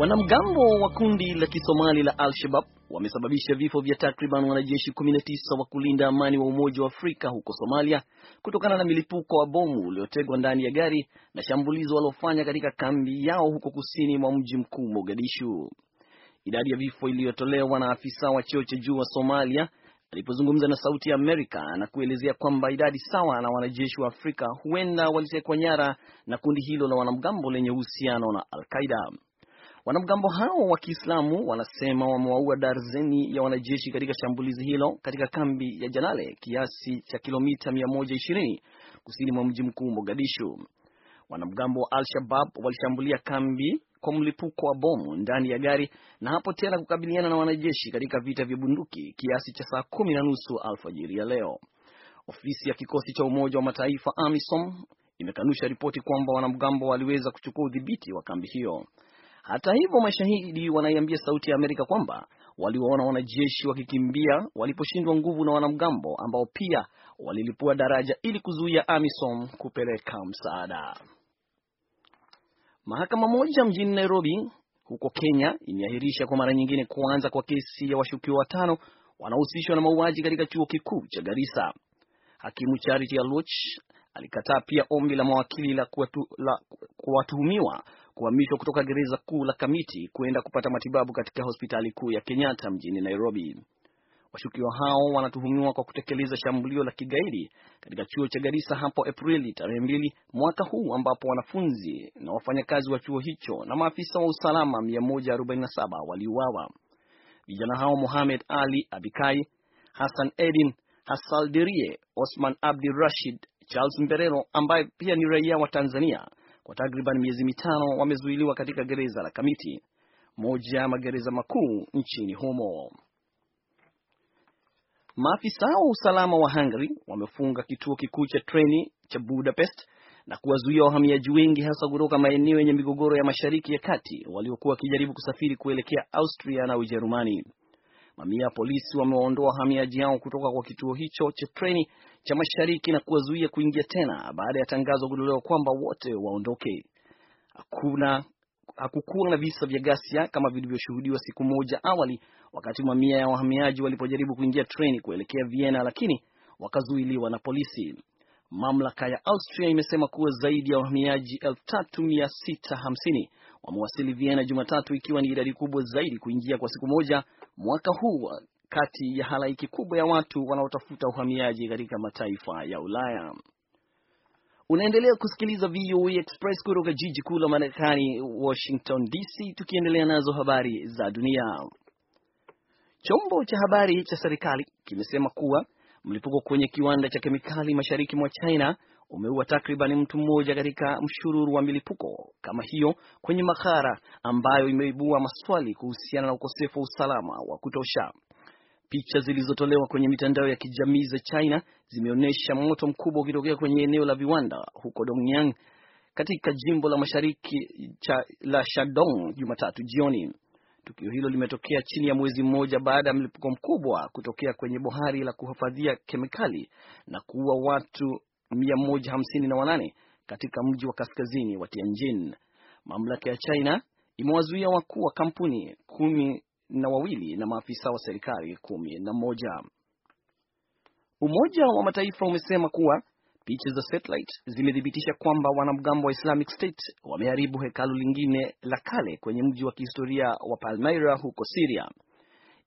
Wanamgambo wa kundi la Kisomali la Al-Shabab wamesababisha vifo vya takriban wanajeshi 19 wa kulinda amani wa Umoja wa Afrika huko Somalia kutokana na milipuko wa bomu uliotegwa ndani ya gari na shambulizi walofanya katika kambi yao huko kusini mwa mji mkuu Mogadishu. Idadi ya vifo iliyotolewa na afisa wa cheo cha juu wa Somalia alipozungumza na Sauti ya Amerika na kuelezea kwamba idadi sawa na wanajeshi wa Afrika huenda walitekwa nyara na kundi hilo la wanamgambo lenye uhusiano na Al-Qaida. Wanamgambo hao wa Kiislamu wanasema wamewaua darzeni ya wanajeshi katika shambulizi hilo katika kambi ya Jalale, kiasi cha kilomita 120 kusini mwa mji mkuu Mogadishu. Wanamgambo wa Al-Shabab walishambulia kambi kwa mlipuko wa bomu ndani ya gari na hapo tena kukabiliana na wanajeshi katika vita vya bunduki kiasi cha saa kumi na nusu alfajiri ya leo. Ofisi ya kikosi cha Umoja wa Mataifa AMISOM imekanusha ripoti kwamba wanamgambo waliweza kuchukua udhibiti wa kambi hiyo. Hata hivyo, mashahidi wanaiambia Sauti ya Amerika kwamba waliwaona wanajeshi wakikimbia waliposhindwa nguvu na wanamgambo ambao pia walilipua daraja ili kuzuia AMISOM kupeleka msaada. Mahakama moja mjini Nairobi huko Kenya imeahirisha kwa mara nyingine kuanza kwa kesi ya washukiwa watano wanaohusishwa na mauaji katika chuo kikuu cha Garissa. Hakimu Charity Aluoch alikataa pia ombi la mawakili la kuwatuhumiwa kuhamishwa kutoka gereza kuu la Kamiti kwenda kupata matibabu katika hospitali kuu ya Kenyatta mjini Nairobi. Washukiwa hao wanatuhumiwa kwa kutekeleza shambulio la kigaidi katika chuo cha Garissa hapo Aprili tarehe mbili mwaka huu ambapo wanafunzi na wafanyakazi wa chuo hicho na maafisa wa usalama 147 waliuawa. Vijana hao Mohamed Ali Abikai, Hassan Edin, Hassaldirie, Osman Abdi Rashid, Charles Mberero ambaye pia ni raia wa Tanzania kwa takriban miezi mitano wamezuiliwa katika gereza la Kamiti, moja ya magereza makuu nchini humo. Maafisa wa usalama wa Hungary wamefunga kituo kikuu cha treni cha Budapest na kuwazuia wahamiaji wengi hasa kutoka maeneo yenye migogoro ya Mashariki ya Kati waliokuwa wakijaribu kusafiri kuelekea Austria na Ujerumani. Mamia ya polisi wamewaondoa wahamiaji hao kutoka kwa kituo hicho cha treni cha mashariki na kuwazuia kuingia tena baada ya tangazo kutolewa kwamba wote waondoke. Hakuna hakukuwa na visa vya ghasia kama vilivyoshuhudiwa siku moja awali wakati mamia ya wahamiaji walipojaribu kuingia treni kuelekea Vienna, lakini wakazuiliwa na polisi. Mamlaka ya Austria imesema kuwa zaidi ya wahamiaji 3650 wamewasili Vienna Jumatatu, ikiwa ni idadi kubwa zaidi kuingia kwa siku moja mwaka huu kati ya halaiki kubwa ya watu wanaotafuta uhamiaji katika mataifa ya Ulaya. Unaendelea kusikiliza VOA e Express kutoka jiji kuu la Marekani, Washington DC, tukiendelea nazo habari za dunia. Chombo cha habari cha serikali kimesema kuwa mlipuko kwenye kiwanda cha kemikali mashariki mwa China umeua takriban mtu mmoja katika mshururu wa milipuko kama hiyo kwenye Maghara, ambayo imeibua maswali kuhusiana na ukosefu wa usalama wa kutosha. Picha zilizotolewa kwenye mitandao ya kijamii za China zimeonyesha moto mkubwa ukitokea kwenye eneo la viwanda huko Dongyang katika jimbo la mashariki cha, la Shandong Jumatatu jioni. Tukio hilo limetokea chini ya mwezi mmoja baada ya mlipuko mkubwa kutokea kwenye bohari la kuhifadhia kemikali na kuua watu 158 katika mji wa kaskazini wa Tianjin. Mamlaka ya China imewazuia wakuu wa kampuni kumi na wawili na maafisa wa serikali kumi na moja. Umoja wa Mataifa umesema kuwa picha za satellite zimethibitisha kwamba wanamgambo wa Islamic State wameharibu hekalu lingine la kale kwenye mji wa kihistoria wa Palmyra huko Syria.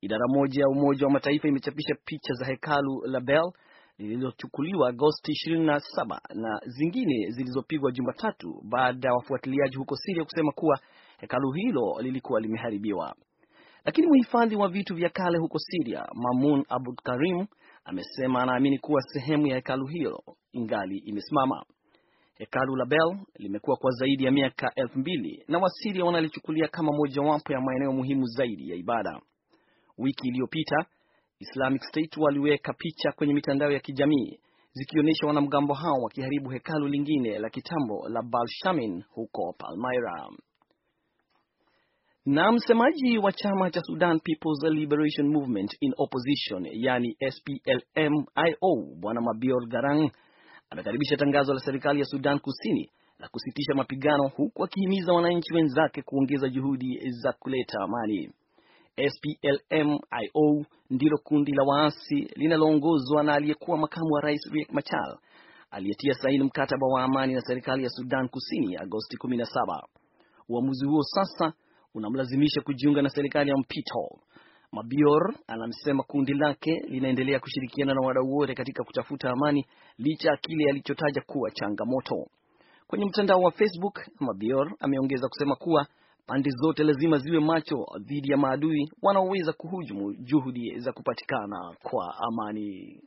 Idara moja ya Umoja wa Mataifa imechapisha picha za hekalu la Bel lililochukuliwa Agosti 27 na zingine zilizopigwa Jumatatu baada ya wafuatiliaji huko Siria kusema kuwa hekalu hilo lilikuwa limeharibiwa. Lakini mhifadhi wa vitu vya kale huko Siria, Mamun Abud Karim, amesema anaamini kuwa sehemu ya hekalu hilo ingali imesimama. Hekalu la Bel limekuwa kwa zaidi ya miaka elfu mbili na Wasiria wanalichukulia kama mojawapo ya maeneo muhimu zaidi ya ibada. Wiki iliyopita Islamic State waliweka picha kwenye mitandao ya kijamii zikionyesha wanamgambo hao wakiharibu hekalu lingine la kitambo la Balshamin huko Palmyra. Na msemaji wa chama cha Sudan People's Liberation Movement in Opposition, yani SPLM-IO, Bwana Mabior Garang amekaribisha tangazo la serikali ya Sudan Kusini la kusitisha mapigano huku akihimiza wananchi wenzake kuongeza juhudi za kuleta amani. SPLMIO io ndilo kundi la waasi linaloongozwa na aliyekuwa makamu wa rais Riek Machar aliyetia saini mkataba wa amani na serikali ya Sudan Kusini Agosti 17. Uamuzi huo sasa unamlazimisha kujiunga na serikali ya mpito. Mabior anasema kundi lake linaendelea kushirikiana na wadau wote katika kutafuta amani licha ya kile alichotaja kuwa changamoto. Kwenye mtandao wa Facebook, Mabior ameongeza kusema kuwa Pande zote lazima ziwe macho dhidi ya maadui wanaoweza kuhujumu juhudi za kupatikana kwa amani.